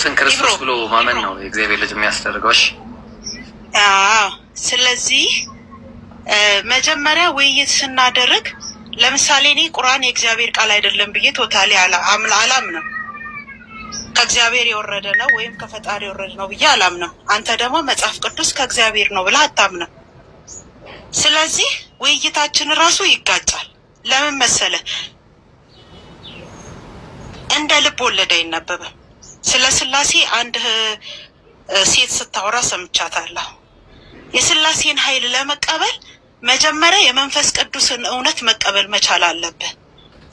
ስን ክርስቶስ ብሎ ማመን ነው የእግዚአብሔር ልጅ የሚያስደርገው። እሺ ስለዚህ መጀመሪያ ውይይት ስናደርግ ለምሳሌ እኔ ቁርአን የእግዚአብሔር ቃል አይደለም ብዬ ቶታሊ አላምንም። ከእግዚአብሔር የወረደ ነው ወይም ከፈጣሪ የወረደ ነው ብዬ አላምንም። አንተ ደግሞ መጽሐፍ ቅዱስ ከእግዚአብሔር ነው ብለህ አታምንም። ስለዚህ ውይይታችን ራሱ ይጋጫል። ለምን መሰለህ? እንደ ልብ ወለድ አይነበብም። ስለ ስላሴ አንድ ሴት ስታወራ ሰምቻታለሁ። የስላሴን ኃይል ለመቀበል መጀመሪያ የመንፈስ ቅዱስን እውነት መቀበል መቻል አለብን።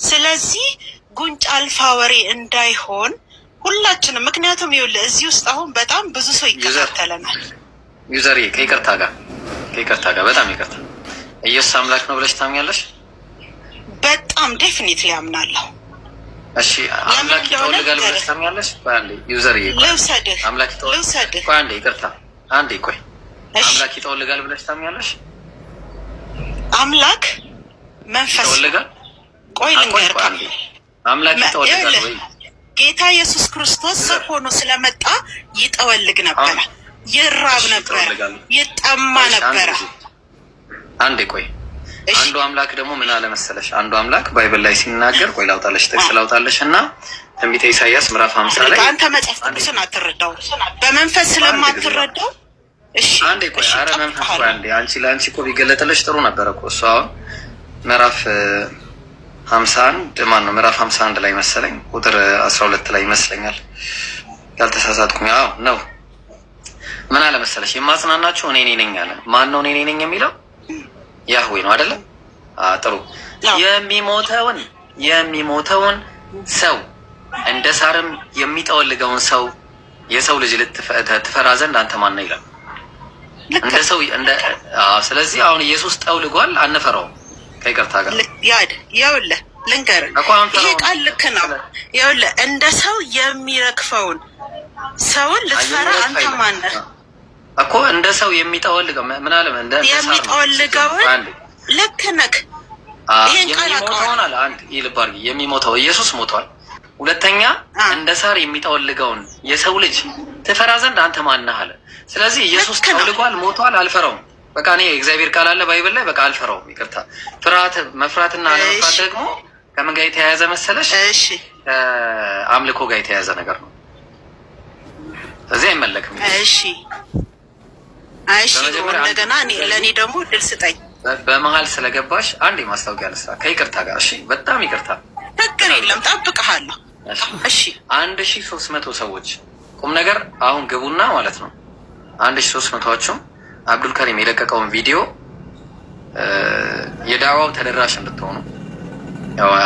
ስለዚህ ጉንጭ አልፋ ወሬ እንዳይሆን ሁላችንም፣ ምክንያቱም ይኸውልህ እዚህ ውስጥ አሁን በጣም ብዙ ሰው ይከታተለናል። ዩዘር ከይቅርታ ጋር ከይቅርታ ጋር በጣም ይቅርታ፣ ኢየሱስ አምላክ ነው ብለሽ ታምኛለሽ? በጣም ዴፊኒትሊ አምናለሁ። እሺ አምላክ ይተወልጋል ብለሽ ታምኛለሽ? አንዴ ዩዘር ልውሰድህ፣ ልውሰድህ። አንዴ ይቅርታ፣ አንዴ ቆይ። አምላክ ይተወልጋል ብለሽ ታምኛለሽ? አምላክ መንፈስ ይተወልጋል። ቆይ ልንገርህ፣ አምላክ ይተወልጋል ወይ? ጌታ ኢየሱስ ክርስቶስ ሰው ሆኖ ስለመጣ ይጠወልግ ነበረ፣ ይራብ ነበረ፣ ይጠማ ነበረ። አንዴ ቆይ አንዱ አምላክ ደግሞ ምን አለ መሰለሽ፣ አንዱ አምላክ ባይብል ላይ ሲናገር፣ ቆይ ላውጣለሽ፣ ጥቅስ ላውጣለሽ እና ትንቢተ ኢሳያስ ምዕራፍ ሀምሳ ላይ አንተ መጽሐፍ ቅዱስን አትረዳው በመንፈስ ስለማትረዳው አንዴ ቆይ፣ አረ መንፈስ ቆይ አንዴ፣ አንቺ ለአንቺ እኮ ቢገለጥልሽ ጥሩ ነበረ እኮ እሱ አሁን ምዕራፍ ሀምሳ አንድ ማን ነው ምዕራፍ ሀምሳ አንድ ላይ መሰለኝ ቁጥር አስራ ሁለት ላይ ይመስለኛል ያልተሳሳትኩኝ። አዎ ነው። ምን አለ መሰለሽ የማጽናናቸው እኔ እኔ ነኝ አለ። ማን ነው እኔ እኔ ነኝ የሚለው? ያህዌ ነው አይደለም? ጥሩ የሚሞተውን የሚሞተውን ሰው እንደ ሳርም የሚጠወልገውን ሰው የሰው ልጅ ልትፈራ ዘንድ አንተ ማነህ ይላል። እንደ ሰው እንደ ስለዚህ አሁን ኢየሱስ ጠውልጓል፣ አንፈራውም። ከይቅርታ ጋር ያድ ያውለ ልንገር፣ ይሄ ቃል ልክ ነው። ያውለ እንደ ሰው የሚረግፈውን ሰውን ልትፈራ አንተ ማነህ? እኮ እንደ ሰው የሚጠወልገው ምን አለ እንደ የሚጠወልገው ልክ ነክ ይሄን ቃል አቀሆናል። አንድ ይልብ የሚሞተው ኢየሱስ ሞቷል። ሁለተኛ እንደ ሳር የሚጠወልገውን የሰው ልጅ ትፈራ ዘንድ አንተ ማነህ አለ። ስለዚህ ኢየሱስ ጠውልጓል፣ ሞቷል። አልፈራውም። በቃ እኔ እግዚአብሔር ቃል አለ ባይብል ላይ በቃ አልፈራውም። ይቅርታ ፍርሃት፣ መፍራትና አለመፍራት ደግሞ ከምን ጋር የተያያዘ መሰለሽ? አምልኮ ጋር የተያያዘ ነገር ነው። እዚህ አይመለክም። እሺ እሺ እንደገና ለእኔ ደግሞ ድል ስጠኝ። በመሀል ስለገባሽ አንድ የማስታወቂያ ልስራ ከይቅርታ ጋር እሺ። በጣም ይቅርታ። ችግር የለም ጠብቀሃለሁ። እሺ አንድ ሺ ሶስት መቶ ሰዎች ቁም ነገር አሁን ግቡና ማለት ነው። አንድ ሺ ሶስት መቶዎቹም አብዱልከሪም የለቀቀውን ቪዲዮ የዳዋው ተደራሽ እንድትሆኑ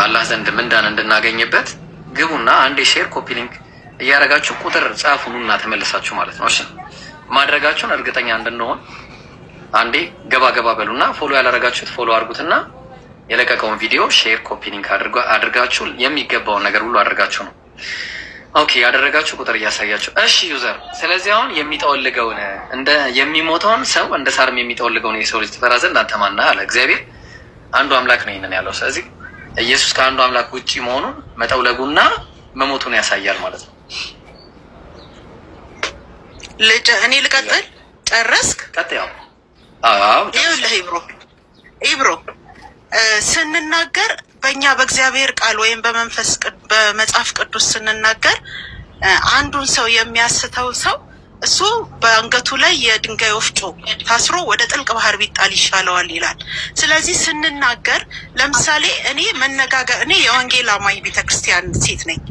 አላህ ዘንድ ምንዳን እንድናገኝበት ግቡና አንድ ሼር ኮፒ ሊንክ እያደረጋችሁ ቁጥር ጻፉኑና ኑና ተመልሳችሁ ማለት ነው እሺ። ማድረጋችሁን እርግጠኛ እንድንሆን አንዴ ገባ ገባ በሉና ፎሎ ያላረጋችሁት ፎሎ አድርጉትና የለቀቀውን ቪዲዮ ሼር ሊንክ አድርጋችሁ የሚገባውን ነገር ሁሉ አድርጋችሁ ነው። ኦኬ ያደረጋችሁ ቁጥር እያሳያችሁ። እሺ ዩዘር፣ ስለዚህ አሁን የሚጠወልገውን እንደ የሚሞተውን ሰው እንደ ሳርም የሚጠወልገውን የሰው ልጅ ትፈራ ዘንድ አንተማና አለ እግዚአብሔር። አንዱ አምላክ ነው ይህንን ያለው። ስለዚህ ኢየሱስ ከአንዱ አምላክ ውጭ መሆኑን መጠውለጉና መሞቱን ያሳያል ማለት ነው። እኔ ልቀጥል። ጨረስክ? ይኸውልህ ኢብሮ ኢብሮ ስንናገር በእኛ በእግዚአብሔር ቃል ወይም በመንፈስ በመጽሐፍ ቅዱስ ስንናገር አንዱን ሰው የሚያስተው ሰው እሱ በአንገቱ ላይ የድንጋይ ወፍጮ ታስሮ ወደ ጥልቅ ባህር ቢጣል ይሻለዋል ይላል። ስለዚህ ስንናገር ለምሳሌ እኔ መነጋገር እኔ የወንጌል አማኝ ቤተክርስቲያን ሴት ነኝ።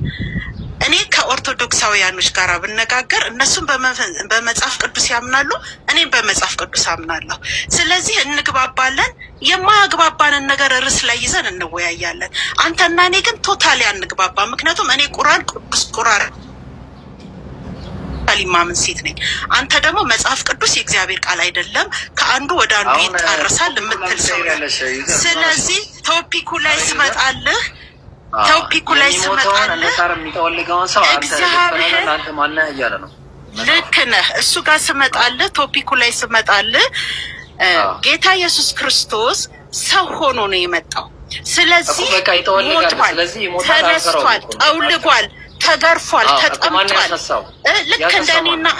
እኔ ከኦርቶዶክሳውያኖች ጋር ብነጋገር እነሱም በመጽሐፍ ቅዱስ ያምናሉ፣ እኔም በመጽሐፍ ቅዱስ አምናለሁ። ስለዚህ እንግባባለን። የማያግባባንን ነገር ርዕስ ላይ ይዘን እንወያያለን። አንተና እኔ ግን ቶታሊ አንግባባ። ምክንያቱም እኔ ቁራን ቅዱስ ቁራን ሊማምን ሴት ነኝ። አንተ ደግሞ መጽሐፍ ቅዱስ የእግዚአብሔር ቃል አይደለም፣ ከአንዱ ወደ አንዱ ይጣረሳል የምትል ሰው። ስለዚህ ቶፒኩ ላይ ስመጣልህ ቶፒኩ ላይ ልክ ነህ። እሱ ጋር ቶፒኩ ላይ ጌታ ኢየሱስ ክርስቶስ ሰው ሆኖ ነው የመጣው። ስለዚህ ሞቷል፣ ተነስቷል፣ ጠውልጓል፣ ተገርፏል፣ ተጠምቷል። ልክ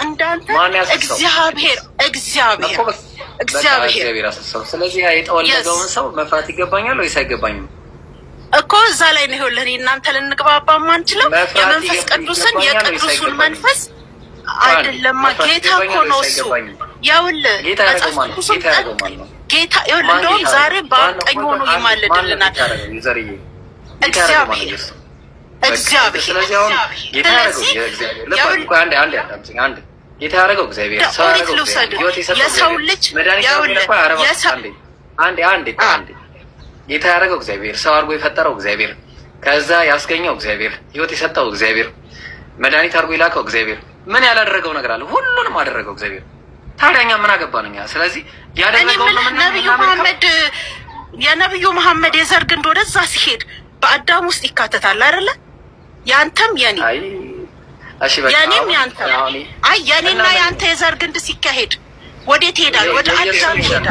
እንዳንተ እግዚአብሔር እግዚአብሔር እግዚአብሔር ስለዚህ ሰው መፍራት ይገባኛል ወይስ አይገባኝም? እኮ እዛ ላይ ነው ይኸውልህ፣ እናንተ ልንግባባ ማንችለው የመንፈስ ቅዱስን የቅዱሱን መንፈስ አይደለማ። ጌታ እኮ ነው እሱ። ያውል ጌታ ይኸውልህ፣ እንደውም ዛሬ በቀኝ ሆኖ ይማልድልናል እግዚአብሔር እግዚአብሔር። ጌታ ያደረገው እግዚአብሔር ሰው የሰው ልጅ አንዴ አንዴ አንዴ ጌታ ያደረገው እግዚአብሔር፣ ሰው አድርጎ የፈጠረው እግዚአብሔር፣ ከዛ ያስገኘው እግዚአብሔር፣ ህይወት የሰጠው እግዚአብሔር፣ መድኃኒት አድርጎ የላከው እግዚአብሔር። ምን ያላደረገው ነገር አለ? ሁሉንም አደረገው እግዚአብሔር። ታዲያ እኛ ምን አገባን እኛ? ስለዚህ ያደረገው መሐመድ የነብዩ መሐመድ የዘር ግንድ ወደዛ ሲሄድ በአዳም ውስጥ ይካተታል አይደለ? ያንተም የኔ የኔም ያንተ አይ የኔና ያንተ የዘር ግንድ ሲካሄድ ወዴት ይሄዳል? ወደ አዲስ ይሄዳል።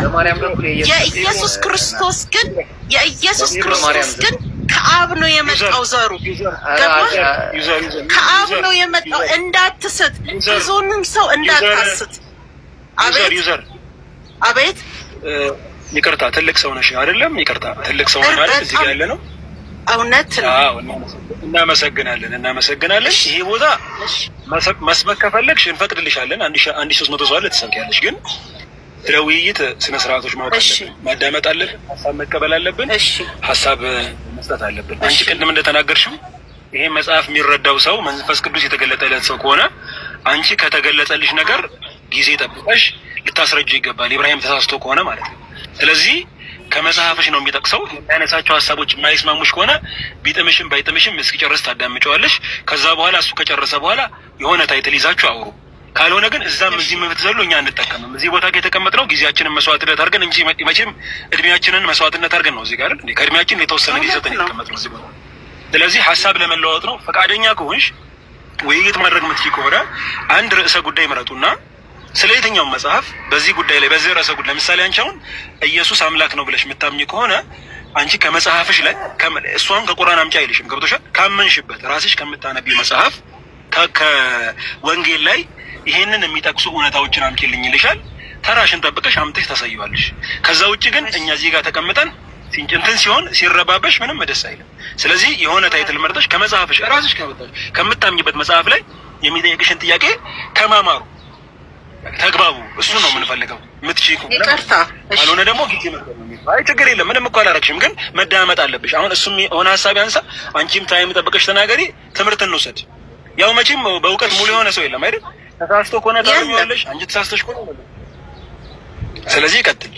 የኢየሱስ ክርስቶስ ግን የኢየሱስ ክርስቶስ ግን ከአብ ነው የመጣው ዘሩ ከአብ ነው የመጣው። እንዳትስት፣ ብዙንም ሰው እንዳታስት። አቤት አቤት፣ ይቅርታ ትልቅ ሰው ነሽ አይደለም? ይቅርታ ትልቅ ሰው ነሽ አይደል? እዚህ ጋር ያለ ነው እውነት ነው። እናመሰግናለን እናመሰግናለን። ይሄ ቦታ መስበክ ከፈለግሽ እንፈቅድልሻለን። አንድ ሶስት መቶ ሰው አለ ትሰብኪያለሽ። ግን ስለ ውይይት ስነ ስርዓቶች ማወቅ አለብን፣ ማዳመጥ አለብን፣ ሀሳብ መቀበል አለብን፣ ሀሳብ መስጠት አለብን። አንቺ ቅድም እንደተናገርሽው ይሄ መጽሐፍ የሚረዳው ሰው መንፈስ ቅዱስ የተገለጠለት ሰው ከሆነ አንቺ ከተገለጠልሽ ነገር ጊዜ ጠብቀሽ ልታስረጁ ይገባል። ኢብራሂም ተሳስቶ ከሆነ ማለት ነው። ስለዚህ ከመጽሐፍሽ ነው የሚጠቅሰው። የሚያነሳቸው ሀሳቦች የማይስማሙሽ ከሆነ ቢጥምሽም ባይጥምሽም እስኪጨርስ ታዳምጨዋለሽ። ከዛ በኋላ እሱ ከጨረሰ በኋላ የሆነ ታይትል ይዛችሁ አውሩ። ካልሆነ ግን እዛም እዚህ ምትዘሉ እኛ አንጠቀምም። እዚህ ቦታ የተቀመጥነው ጊዜያችንን መስዋዕትነት አድርገን እንጂ መቼም እድሜያችንን መስዋዕትነት አድርገን ነው እዚህ ጋር ከእድሜያችን የተወሰነ ጊዜ ሰጠን የተቀመጥነው እዚህ ቦታ። ስለዚህ ሀሳብ ለመለዋወጥ ነው። ፈቃደኛ ከሆንሽ ውይይት ማድረግ ምትችይ ከሆነ አንድ ርዕሰ ጉዳይ ምረጡና ስለ የትኛውም መጽሐፍ በዚህ ጉዳይ ላይ በዚህ ረሰ ጉዳይ ለምሳሌ አንቺ አሁን ኢየሱስ አምላክ ነው ብለሽ የምታምኝ ከሆነ አንቺ ከመጽሐፍሽ ላይ እሷን ከቁርአን አምጪ አይልሽም። ገብቶሻል? ካመንሽበት ራስሽ ከምታነቢው መጽሐፍ ከወንጌል ላይ ይሄንን የሚጠቅሱ እውነታዎችን አምጪልኝ ይልሻል። ተራሽን ጠብቀሽ አምጥሽ ታሳይዋለሽ። ከዛ ውጭ ግን እኛ እዚህ ጋር ተቀምጠን እንትን ሲሆን ሲረባበሽ ምንም ደስ አይልም። ስለዚህ የሆነ ታይትል መርጠሽ ከመጽሐፍሽ ራስሽ ከምታምኝበት መጽሐፍ ላይ የሚጠይቅሽን ጥያቄ ተማማሩ። ተግባቡ። እሱ ነው የምንፈልገው። ምትች ይቅርታ ካልሆነ ደግሞ ጊዜ አይ ችግር የለም ምንም እኮ አላረግሽም፣ ግን መዳመጥ አለብሽ። አሁን እሱም የሆነ ሀሳብ ያንሳ፣ አንቺም ታይም ጠብቀሽ ተናገሪ፣ ትምህርት እንውሰድ። ያው መቼም በእውቀት ሙሉ የሆነ ሰው የለም አይደል? ተሳስቶ ከሆነ ታለሽ አንቺ ተሳስተሽ ከሆነ ስለዚህ ቀጥል።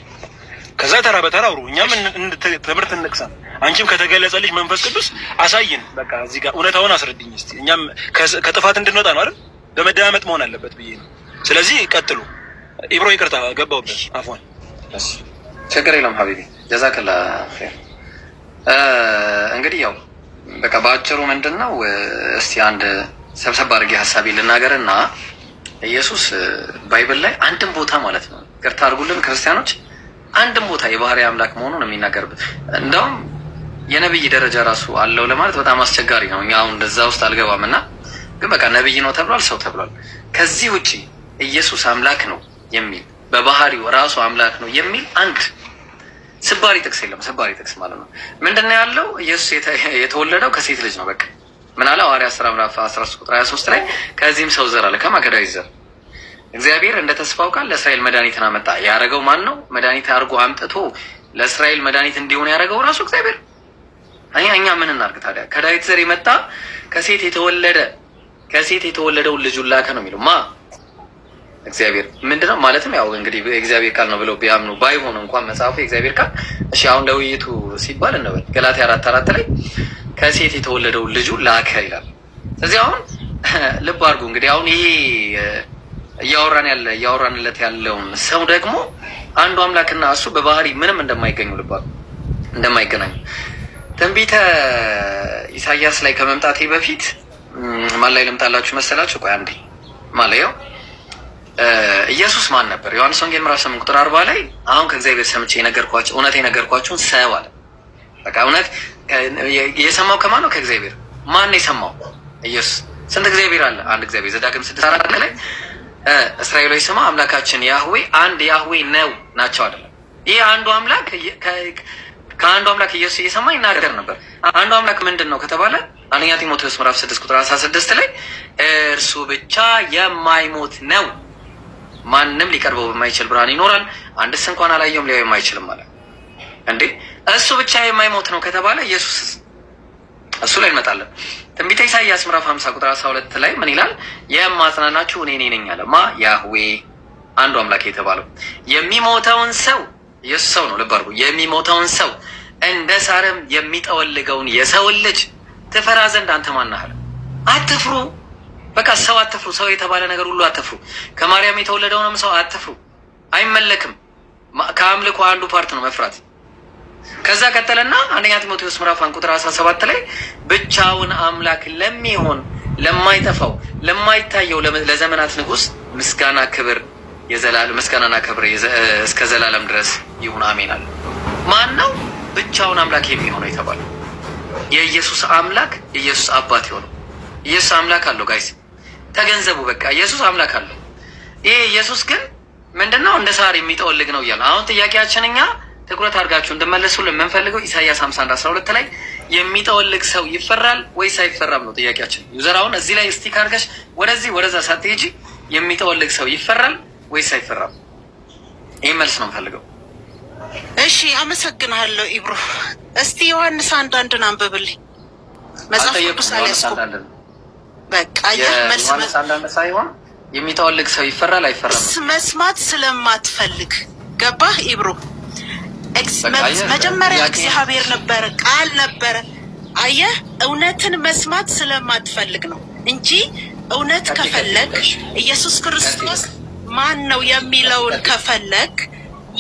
ከዛ ተራ በተራ አውሩ፣ እኛም ትምህርት እንቅሳ። አንቺም ከተገለጸልሽ መንፈስ ቅዱስ አሳይን። በቃ እዚህ ጋር እውነታውን አስረድኝ እስኪ፣ እኛም ከጥፋት እንድንወጣ ነው አይደል? በመደማመጥ መሆን አለበት ብዬ ነው ስለዚህ ቀጥሉ። ኢብሮ ይቅርታ ገባሁበት። አፏን ችግር የለም ሀቢቢ ጀዛክላ እንግዲህ ያው በቃ በአጭሩ ምንድን ነው እስቲ አንድ ሰብሰብ አድርጌ ሀሳቢ ልናገር እና ኢየሱስ ባይብል ላይ አንድም ቦታ ማለት ነው ቅርታ አድርጉልን ክርስቲያኖች፣ አንድም ቦታ የባህሪ አምላክ መሆኑን የሚናገርበት እንደውም የነብይ ደረጃ ራሱ አለው ለማለት በጣም አስቸጋሪ ነው። እኛ አሁን እንደዛ ውስጥ አልገባም እና ግን በቃ ነብይ ነው ተብሏል፣ ሰው ተብሏል። ከዚህ ውጭ ኢየሱስ አምላክ ነው የሚል በባህሪው ራሱ አምላክ ነው የሚል አንድ ስባሪ ጥቅስ የለም። ስባሪ ጥቅስ ማለት ነው ምንድነው ያለው? ኢየሱስ የተወለደው ከሴት ልጅ ነው። በቃ ምን አለ ሐዋርያ ስራ ምዕራፍ 13 ቁጥር 23 ላይ ከዚህም ሰው ዘር አለ ከማከዳዊ ዘር እግዚአብሔር እንደ ተስፋው ቃል ለእስራኤል መድኃኒትን አመጣ። ያደረገው ማን ነው? መድኃኒት አድርጎ አምጥቶ ለእስራኤል መድኃኒት እንዲሆን ያደረገው ራሱ እግዚአብሔር። እኛ እኛ ምን እናርግ ታዲያ? ከዳዊት ዘር የመጣ ከሴት የተወለደ ከሴት የተወለደውን ልጁን ላከ ነው የሚለው ማ እግዚአብሔር ምንድነው ማለትም ያው እንግዲህ እግዚአብሔር ቃል ነው ብለው ቢያምኑ ባይሆኑ እንኳን መጽሐፉ የእግዚአብሔር ቃል እሺ፣ አሁን ለውይይቱ ሲባል እንበል ገላትያ አራት አራት ላይ ከሴት የተወለደው ልጁ ላከ ይላል። ስለዚህ አሁን ልብ አድርጉ እንግዲህ አሁን ይሄ እያወራን ያለ እያወራንለት ያለውን ሰው ደግሞ አንዱ አምላክና እሱ በባህሪ ምንም እንደማይገኙ ልብ እንደማይገናኙ ትንቢተ ኢሳያስ ላይ ከመምጣቴ በፊት ማን ላይ ልምጣላችሁ መሰላችሁ? ቆይ አንዴ ማለያው ኢየሱስ ማን ነበር? ዮሐንስ ወንጌል ምዕራፍ ስምንት ቁጥር አርባ ላይ አሁን ከእግዚአብሔር ሰምቼ የነገርኳቸው እውነት የነገርኳቸውን ሰው አለ። በቃ እውነት የሰማው ከማን ነው? ከእግዚአብሔር። ማን የሰማው? ኢየሱስ። ስንት እግዚአብሔር አለ? አንድ እግዚአብሔር። ዘዳግም ስድስት አራት ላይ እስራኤሎች ስማ አምላካችን ያህዌ አንድ ያህዌ ነው ናቸው አይደለም። ይህ አንዱ አምላክ ከአንዱ አምላክ ኢየሱስ እየሰማ ይናገር ነበር። አንዱ አምላክ ምንድን ነው ከተባለ አንደኛ ጢሞቴዎስ ምዕራፍ ስድስት ቁጥር አስራ ስድስት ላይ እርሱ ብቻ የማይሞት ነው ማንም ሊቀርበው በማይችል ብርሃን ይኖራል። አንድስ እንኳን አላየውም ሊያየም የማይችልም አለ። እንዴ እሱ ብቻ የማይሞት ነው ከተባለ ኢየሱስ እሱ ላይ እንመጣለን። ትንቢተ ኢሳይያስ ምዕራፍ 50 ቁጥር 12 ላይ ምን ይላል? የማጽናናችሁ እኔ እኔ ነኝ አለ። ማ ያህዌ አንዱ አምላክ የተባለው የሚሞተውን ሰው ኢየሱስ ሰው ነው። ልብ አድርጉ። የሚሞተውን ሰው እንደ ሳርም የሚጠወልገውን የሰውን ልጅ ትፈራ ዘንድ አንተ ማን ነህ አለ። አትፍሩ በቃ ሰው አትፍሩ። ሰው የተባለ ነገር ሁሉ አትፍሩ። ከማርያም የተወለደውንም ሰው አትፍሩ። አይመለክም። ከአምልኮ አንዱ ፓርት ነው መፍራት። ከዛ ቀጠለና አንደኛ ጢሞቴዎስ ምዕራፍ አንድ ቁጥር ሰባት ላይ ብቻውን አምላክ ለሚሆን ለማይጠፋው ለማይታየው ለዘመናት ንጉስ ምስጋና ክብር የዘላለም ምስጋናና ክብር እስከ ዘላለም ድረስ ይሁን አሜን አለ። ማን ነው ብቻውን አምላክ የሚሆነው የተባለው? የኢየሱስ አምላክ የኢየሱስ አባት የሆነው ኢየሱስ አምላክ አለው ጋይስ ተገንዘቡ። በቃ ኢየሱስ አምላክ አለው። ይሄ ኢየሱስ ግን ምንድነው እንደ ሳር የሚጠወልግ ነው እያለ አሁን ጥያቄያችን እኛ ትኩረት አድርጋችሁ እንድመለሱልን የምንፈልገው ኢሳያስ 51 12 ላይ የሚጠወልግ ሰው ይፈራል ወይስ አይፈራም ነው ጥያቄያችን። ዩዘራውን አሁን እዚህ ላይ ስቲክ አድርገሽ ወደዚህ ወደዛ ሳትሄጂ የሚጠወልግ ሰው ይፈራል ወይስ አይፈራም? ይህ መልስ ነው የምፈልገው። እሺ አመሰግናለሁ ኢብሮ። እስቲ ዮሐንስ አንዳንድን አንብብልኝ መጽሐፍ ቅዱስ በቃ መልስ አንዳንድ ሳይሆን የሚተወልቅ ሰው ይፈራል አይፈራም፣ መስማት ስለማትፈልግ ገባህ ኢብሮ? መጀመሪያ እግዚአብሔር ነበረ ቃል ነበረ። አየህ እውነትን መስማት ስለማትፈልግ ነው እንጂ እውነት ከፈለግ ኢየሱስ ክርስቶስ ማን ነው የሚለውን ከፈለግ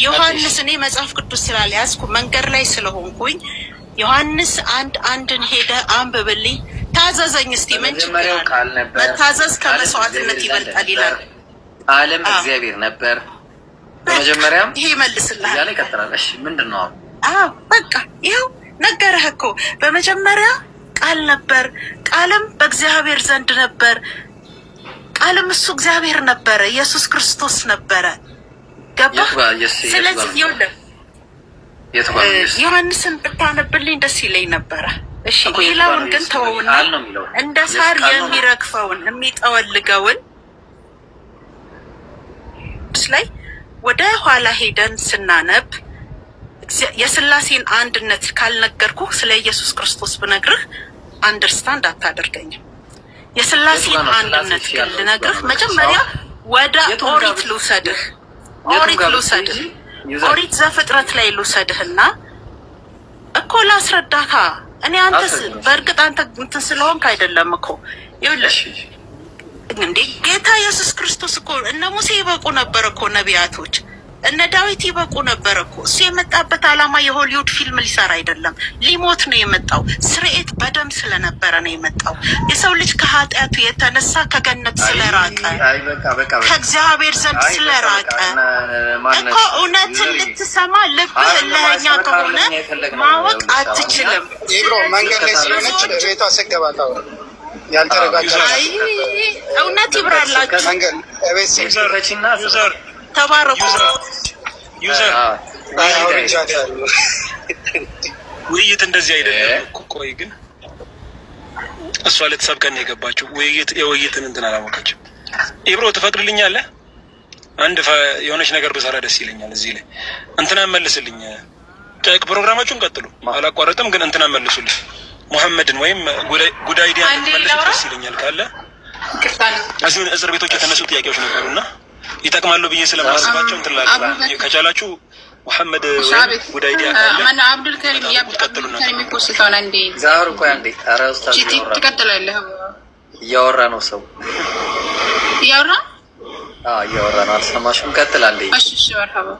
ዮሐንስ እኔ መጽሐፍ ቅዱስ ስላልያዝኩ መንገድ ላይ ስለሆንኩኝ ዮሐንስ አንድ አንድን ሄደ አንብብልኝ ታዘዘኝ እስቲ ምን ችግር አለ? መታዘዝ ከመስዋዕትነት ይበልጣል ይላል። ቃልም እግዚአብሔር ነበር። በመጀመሪያም ይሄ ይመልስልሃል ያለ ይቀጥላል። ምንድን ነው? አዎ በቃ ይኸው ነገረህ እኮ በመጀመሪያ ቃል ነበር፣ ቃልም በእግዚአብሔር ዘንድ ነበር፣ ቃልም እሱ እግዚአብሔር ነበረ፣ ኢየሱስ ክርስቶስ ነበረ። ገባህ? ስለዚህ ዮሐንስን ብታነብልኝ ደስ ይለኝ ነበረ። እሺ ሌላውን ግን ተወውና እንደ ሳር የሚረግፈውን የሚጠወልገውን ላይ ወደ ኋላ ሄደን ስናነብ የስላሴን አንድነት ካልነገርኩ ስለ ኢየሱስ ክርስቶስ ብነግርህ አንደርስታንድ አታደርገኝም። የስላሴን አንድነት ግን ልነግርህ መጀመሪያ ወደ ኦሪት ልውሰድህ ኦሪት ልውሰድህ ኦሪት ዘፍጥረት ላይ ልውሰድህና እኮ ላስረዳታ እኔ አንተ በእርግጥ አንተ እንትን ስለሆንክ አይደለም እኮ ይኸውልህ፣ እንዴ ጌታ ኢየሱስ ክርስቶስ እኮ እነ ሙሴ ይበቁ ነበር እኮ ነቢያቶች እነ ዳዊት ይበቁ ነበር እኮ እሱ የመጣበት አላማ የሆሊውድ ፊልም ሊሰራ አይደለም፣ ሊሞት ነው የመጣው። ስርኤት በደም ስለነበረ ነው የመጣው። የሰው ልጅ ከኃጢአቱ የተነሳ ከገነት ስለራቀ ከእግዚአብሔር ዘንድ ስለራቀ እኮ እውነትን ልትሰማ ልብህ ለኛ ከሆነ ማወቅ አትችልም። መንገድ ላይ ስለሆነች ቤቷ ስገባ እውነት ይብራላችሁ ተባረኩ። ውይይት እንደዚህ አይደለም። ቆይ ግን እሷ ልትሰብከን የገባችው ውይይት የውይይትን እንትን አላወቀችም። ኢብሮ ትፈቅድልኛለህ? አንድ የሆነች ነገር ብሰራ ደስ ይለኛል። እዚህ ላይ እንትና መልስልኝ። ጠቅ ፕሮግራማችሁን ቀጥሉ፣ አላቋረጥም። ግን እንትና መልሱልኝ ሙሐመድን ወይም ጉዳይ ዲያ መልሱ ደስ ይለኛል ካለ እዚሁን እስር ቤቶች የተነሱ ጥያቄዎች ነበሩና ይጠቅማሉ ብዬ ስለማስባቸው እንትላላ ከቻላችሁ መሐመድ ጉዳይዲያ ማነው አብዱልከሪም አብዱልከሪም የሚፖስተውን አንዴ ዛሩ እኮ አንዴ ኧረ ኡስታዝ ትቀጥላለህ። እያወራ ነው ሰው እያወራ እያወራ ነው። አልሰማሽም? ቀጥል አንዴ። እሺ እሺ። መርሐባ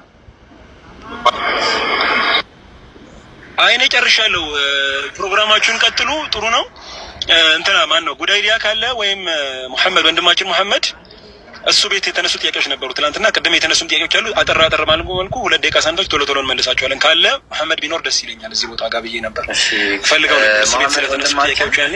አይኔ ጨርሻለሁ። ፕሮግራማችሁን ቀጥሉ። ጥሩ ነው። እንትና ማን ነው ጉዳይዲያ ካለ ወይም መሐመድ ወንድማችን መሐመድ እሱ ቤት የተነሱ ጥያቄዎች ነበሩ። ትናንትና ቅድም የተነሱም ጥያቄዎች አሉ። አጠራ አጠር ማለት መልኩ ሁለት ደቂቃ ሳንዳች ቶሎ ቶሎ እንመልሳቸዋለን። ካለ መሐመድ ቢኖር ደስ ይለኛል እዚህ ቦታ ጋር ብዬ ነበር ፈልገው ነበር። እሱ ቤት ስለተነሱ ጥያቄዎች ያኔ